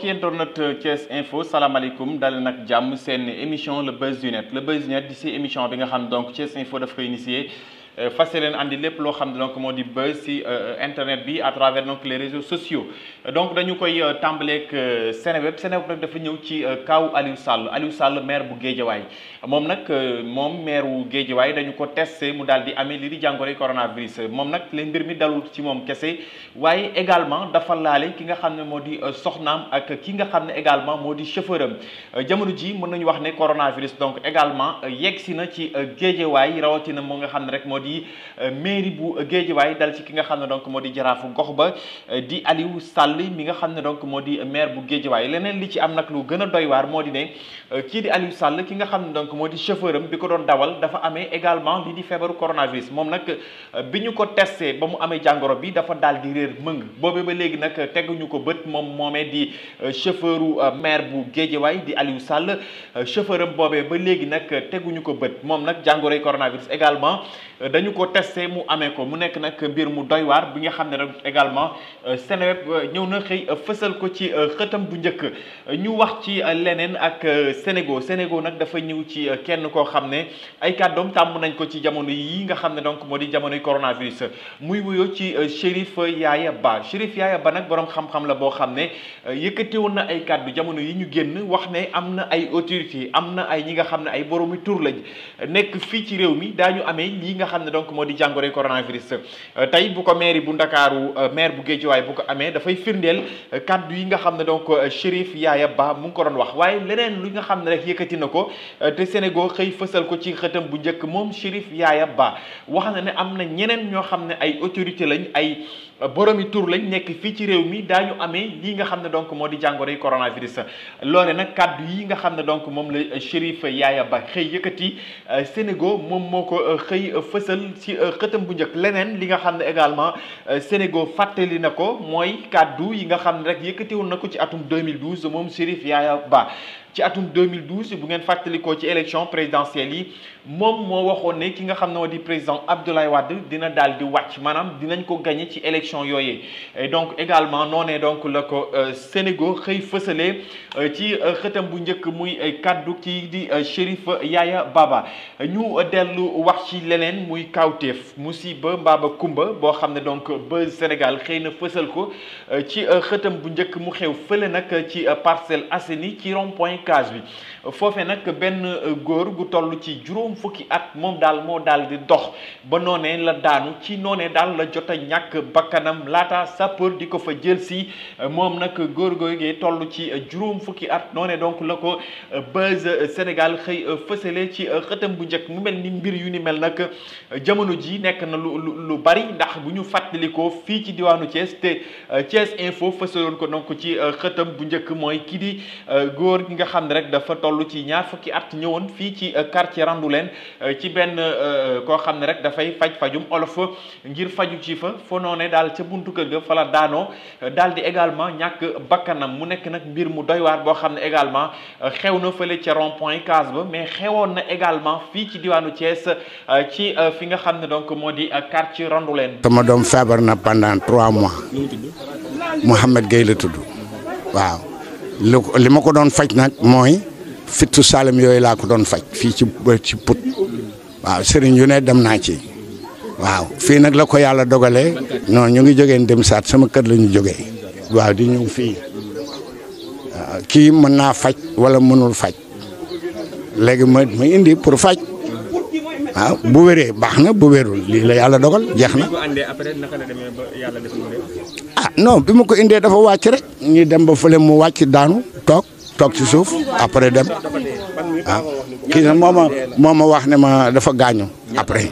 mbokk yéen internet Thiès Info salaamaaleykum daal nag jàmm seen émission la buzz du net le buzz di si émission bi nga xam donc Thiès Info daf koy initier Euh, fas leen andi lépp loo xam ne donc moo di buzz ci euh, internet bi à travers donc les réseaux sociaux euh, donc dañu koy tàmbaleek Seneweb Seneweb nag dafa ñëw ci kaaw Aliou Sall Aliou Sall maire bu Géejawaay moom nag moom maire wu Géejawaay dañu ko testé mu daal di amee lii di jàngoroy coronavirus moom nag leen mbir mi dalul ci moom kese waaye également dafa laale ki nga xam ne moo di soxnaam ak ki nga xam ne également moo di chauffeur am jamono ji mën nañu wax ne coronavirus donc également yegg si na ci Géejawaay rawatina moo di euh, mairie bu Géejawaay dal ci ki nga xam ne donc moo di jaraafu gox ba euh, di Aliou Sall mi nga xam ne donc moo di maire bu Géejawaay leneen li ci am nag lu gën a doy waar moo di ne euh, kii di Aliou Sall ki nga xam ne donc moo di chauffeur am bi ko doon dawal dafa amee également li di feebaru coronavirus moom nag bi ñu ko testé ba mu amee jàngoro bi dafa daal di réer mëng boobee ba léegi nag teguñu ko bët moom moomee di chauffeuru maire bu Géejawaay di Aliou Sall chauffeur boobee ba léegi nag teguñu ko bët moom nag jàngoroy coronavirus également dañu ko testé mu amee ko mu nekk nag mbir mu doy waar bi nga xam ne rek également euh, Seneweb euh, ñëw na xëy euh, fësal ko ci xëtam bu njëkk ñu wax ci leneen ak Sénégo Sénégo nag dafa ñëw ci kenn koo xam ne ay kàddoom tàmm nañ ko ci jamono yi nga xam ne donc moo di jamonoy coronavirus muy wuyoo ci Chérif Yaaya Ba Chérif Yaaya Ba nag boroom xam-xam la boo xam ne yëkkati woon na ay kàddu jamono yi ñu génn wax ne am na ay autorité am na ay ñi nga xam ne ay boroomi tur donc moo di jàngoroy coronavirus euh, tey bu ko euh, maire bu Ndakaaru maire bu Géejawaay bu ko amee dafay firndeel euh, kaddu yi nga xam ne donc Chérif Yaaya Ba mu ngi ko doon wax waaye leneen lu nga xam ne rek yëkkati na ko te Sénégal xëy fësal ko ci xëtam bu njëkk moom Chérif Yaaya baa wax na ne am na ñeneen ñoo xam ne ay autorité lañ ay boromi tur lañ nekk fii ci réew mi daañu amee lii nga xam ne donc moo di jàngoro yi coronavirus loole nag kàddu yi xam ne donc moom la Chérif Yaaya Ba xëy yëkkati euh, Sénégal moom moo ko euh, xëy fësal ci euh, xëtam bu njëkk leneen li nga xam ne également Sénégal fàttali na ko mooy kàddu yi nga xam ne rek yëkkatiwoon na ko ci atum 2012 moom Chérif Yaaya Ba ci atum 2012 bu ngeen fàttalikoo ci élection présidentielle yi moom moo waxoon ne ki nga xam ne moo di président Abdoulaye Wade dina dal di wàcc maanaam dinañ ko gagné ci élection yooyee donc également noonee donc la ko euh, Sénégal xëy fësalee euh, ci euh, xëtam bu njëkk muy kaddu kii di Chérif Yaya Baba ñu dellu wax ci leneen muy kawteef musiba mbaaba kumba boo xam ne donc ba Sénégal xëy na fësal ko ci xëtam bu njëkk mu xew fële nag ci Parcelles asseni ci rond cage bi foofe nag benn euh, góor gu toll ci juróom fukki at moom daal moo daal di dox ba noonee la daanu ci noonee daal la jot a ñàkk bakkanam laata sapeur di ko fa jël si euh, moom nag góor googee toll ci euh, juróom fukki at noonee donc la ko Buzz Sénégal xëy fësale ci xëtam bu njëkk mu mel ni mbir yu ni mel nag jamono ji nekk na lu lu bari ndax bu ñu fàttalikoo fii ci diwaanu Thiès te Thiès info fësaloon ko donc ci xëtam bu njëkk mooy kii di góor gi nga xam ne rek dafa toll ci ñaar fukki at ñëwoon fii ci euh, quartier leen euh, ci benn euh, koo xam ne rek dafay faj fajum olof ngir faju ci fa fonoo ne daal ca buntu kër ga fa la daanoo daal di également ñàkk bakkanam mu nekk nag mbir mu doy waar boo xam ne également xew na fële ca rond point case ba mais xewoon na également fii ci diwaanu Thiès ci fi nga xam ne donc moo di quartier leen sama doom feebar na pendant trois mois. Mouhamed Gueye la tudd lu li ma ko doon faj nag mooy fittu saalum yooyu laa ko doon faj fii ci ci put waaw sëriñ yu ne dem naa ci waaw fii nag la ko yàlla dogalee noo ñu ngi jógeen dem saat sama kër lañu ñu jógee waaw di ñëw fii kii mën naa faj wala mënul faj léegi ma indi pour faj waaw bu wéree baax na bu wérul lii la yàlla dogal jeex na. ah non bi ma ko indee dafa wàcc rek. ñu dem ba fële mu wàcc daanu toog toog ci suuf après dem ah kii nag moo ma wax ne ma dafa gaañu après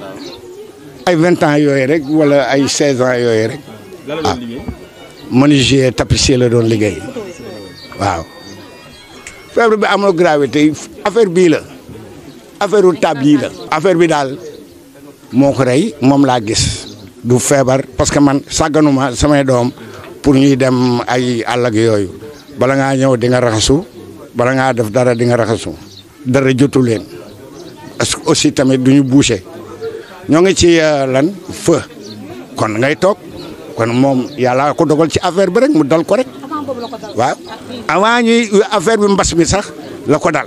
ay vingt ans yooyu rek wala ay seize ans yooyu rek ah menuisier tapissier la doon liggéey waaw bi amul gravité affaire bii la. affaire tab yii la affaire bi daal moo ko rey moom laa gis du feebar parce que man sàgganuma samay doom pour ñuy dem ay àll yooyu bala ngaa ñëw di nga raxasu bala ngaa def dara di nga raxasu dara jotu leen aussi tamit du ñu bouché ñoo ngi ci euh, lan feu kon ngay toog kon moom yàlla ko dogal ci affaire bi rek mu dal ko rek waaw avant ñuy bi mbas mi sax la ko dal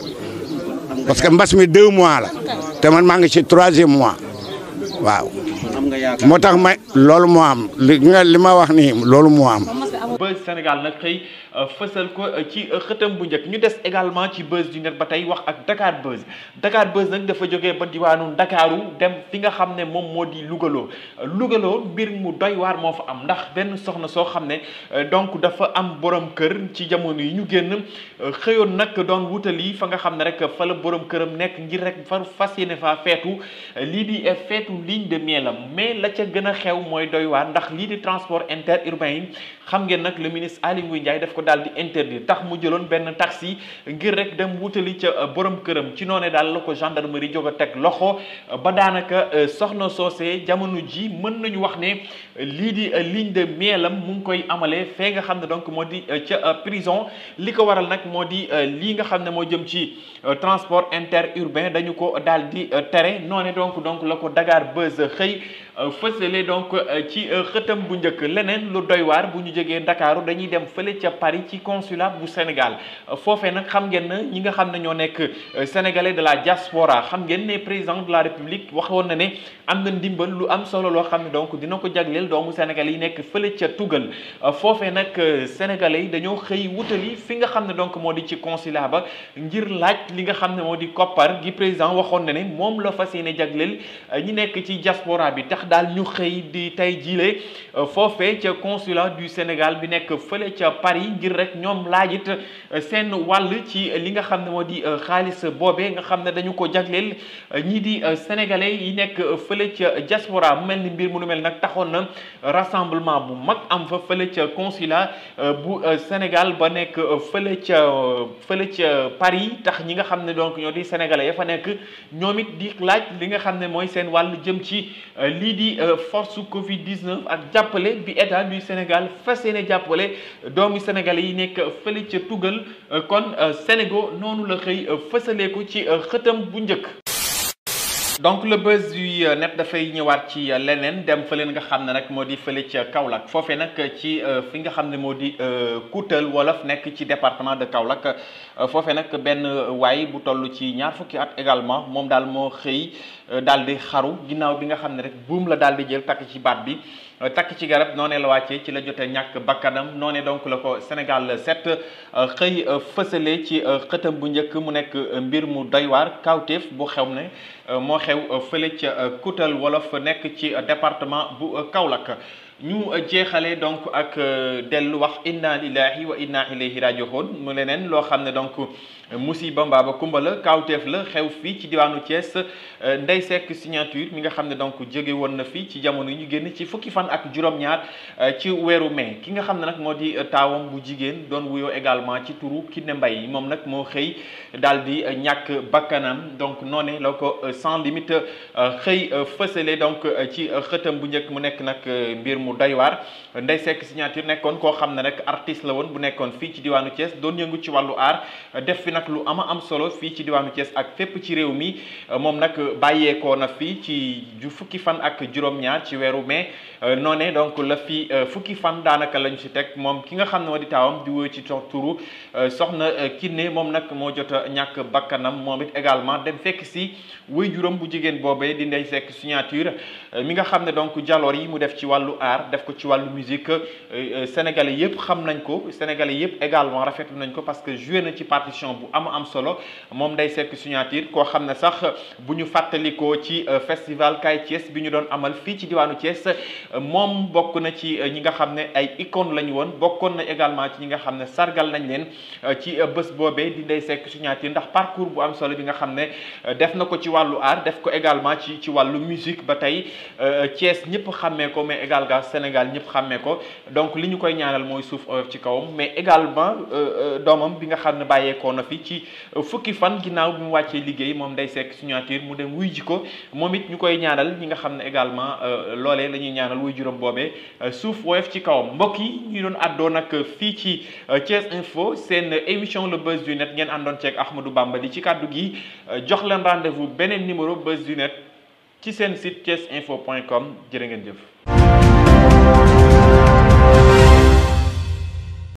parce que mbas mi deux mois la te man maa ngi ci troisième mois waaw. moo tax may loolu moo am li ma wax nii loolu moo am. fësal ko ci xëtam bu njëkk ñu des également ci buzz du net ba tey wax ak Dakar buzz Dakar buzz nag dafa jóge ba diwaanu Ndakaaru dem fi nga xam ne moom moo di Lougaloo Lougaloo mbir mu doy waar moo fa am ndax benn soxna soo xam ne euh, donc dafa am borom kër ci jamono yi ñu génn euh, xëyoon nag doon wutali fa nga xam ne rek fa la borom këram nekk ngir rek far fas yéene faa feetu lii di feetu ligne de mielam mais la ca gën a xew mooy doy waar ndax lii di transport interurbain yi xam ngeen nag le ministre Aly Ngouille Ndiaye ko ko daal di interdire tax mu jëloon benn taxi ngir rek dem wutali ca euh, boroom këram ci noone daal la ko gendarmerie jóg a teg loxo euh, ba daanaka euh, soxna soosee jamono ji mën nañu wax ne lii di ligne de mielam mu ngi koy amalee fee nga xam ne donc moo di ca prison li ko waral nag moo di lii nga xam ne moo jëm ci transport interurbain dañu ko daal di tere noone donc donc la ko Dakar Buzz xëy fësale donc ci xëtam bu njëkk leneen lu doy bu ñu jógee Ndakaaru dañuy Paris ci consulat bu Sénégal euh, foofee nag xam ngeen na ñi nga xam ne ñoo nekk euh, sénégalais de la diaspora xam ngeen ne président de la république waxoon na ne am na ndimbal lu am solo loo xam ne donc dina ko jagleel doomu sénégalais yi nekk fële ca tugal euh, foofee nag sénégalais yi dañoo xëy wutali fi nga xam ne donc moo di ci consulat ba ngir laaj li nga xam ne moo di koppar gi président waxoon na ne moom la fas yéene jagleel ñi nekk ci diaspora bi tax daal ñu xëy di tey jiile foofee ca consulat du Sénégal bi nekk fële ca Paris ngir rek ñoom laajit euh, seen wàll ci li nga xam ne moo di euh, xaalis boobee nga xam ne dañu ko jagleel euh, ñii di sénégalais yi nekk fële ca diaspora mu mel ni mbir mu nu mel nag taxoon na rassemblement bu mag am fa fële ca consulat bu Sénégal ba nekk fële ca fële ca Paris tax ñi nga xam ne donc ñoo di sénégalais ya fa nekk ñoom it di laaj li nga xam ne mooy seen wàll jëm ci lii di force Covid 19 ak jàppale bi état du Sénégal fas yéene jàppale doomu Sénégal. sénégalais yi nekk fële ca tugal euh, kon euh, Sénégal noonu la xëy euh, fësalee ko ci xëtam bu njëkk. donc le buzz du net dafay ñëwaat ci leneen dem fële nga xam ne nag moo di fële ca Kaolack foofe nag ci fi nga xam ne moo di Koutal wolof nekk ci département de Kaolack foofe nag benn waay bu toll ci ñaar fukki at également moom daal moo xëy daal di xaru ginnaaw bi nga xam ne rek buum la daal di jël takk ci baat bi. takk ci garab noonee la wàccee ci la jotee ñàkk bakkanam noone donc la ko Sénégal set euh, xëy euh, fësale ci euh, xëtam bu njëkk mu nekk mbir mu doy waar kawteef bu xew ne moo xew fële ca Koutal Wolof nekk ci département bu Kaolack ñu euh, jeexale donc ak euh, dellu wax inna lillahi wa inna ilayhi raji'un mu leneen loo xam ne donc euh, musiba mbaaba kumba la kaawteef la xew fii ci diwaanu Thiès Ndeye Seck signature mi nga xam ne donc jóge woon na fii ci jamono yi ñu génn ci fukki fan ak juróom-ñaar ci weeru mai ki nga xam ne nag moo di taawam bu jigéen doon wuyoo également ci turu mbay yi moom nag moo xëy daal di ñàkk bakkanam donc noonee la ko sans limite xëy fësale donc ci xëtam bu njëkk mu nekk nag mbir mu mu doy waar Ndeye Seck signature nekkoon koo xam ne rek artiste la woon bu nekkoon fii ci diwaanu Thiès doon yëngu ci wàllu aar def fi nag lu ama am solo fii ci diwaanu Thiès ak fépp ci réew mi moom nag bàyyeekoo na fii ci ju fukki fan ak juróom ci weeru mai euh, noonee donc la fi euh, fukki fan daanaka lañu si teg moom ki nga xam ne moo di taawam di wóy ci turu euh, soxna Kiné moom nag moo jot a ñàkk bakkanam moom également dem fekk si wéy juróom jigéen boobee di Ndeye Seck jaloor yi mu def ci wàllu aar art def ko ci wàllu musique euh, euh, sénégalais yëpp xam nañ ko sénégalais yëpp également rafetlu nañ ko parce que joué na ci partition bu am am solo moom Ndeye Seck signature koo xam ne sax bu ñu fàttalikoo ci euh, festival Kaay Thiès bi ñu doon amal fii ci diwaanu Thiès moom bokk na ci ñi nga xam ne ay icône lañu woon bokkoon na également ci ñi nga xam ne sargal nañ leen ci bés boobee di Ndeye Seck signature ndax parcours bu am solo bi nga xam ne def na ko ci wàllu art def ko également ci ci wàllu musique ba tey Sénégal ñëpp xàmmee ko donc li ñu koy ñaanal mooy suuf oyof ci kawam mais également euh, euh, doomam bi nga xam ne bàyyeekoo na fi ci euh, fukki fan ginnaaw bi mu wàccee liggéey moom day sekk signature mu dem wuy ji ko moom it ñu koy ñaanal ñi nga xam ne également loole la ñuy ñaanal wuy juróom boobee suuf woyof ci kawam mbokk yi ñu doon àddoo nag fii ci Thiès Info seen émission le buzz du ngeen àndoon ceeg Ahmadou Bamba li ci kàddu gi jox leen rendez beneen numéro buzz du ci seen site thiesinfo.com jërë ngeen jëf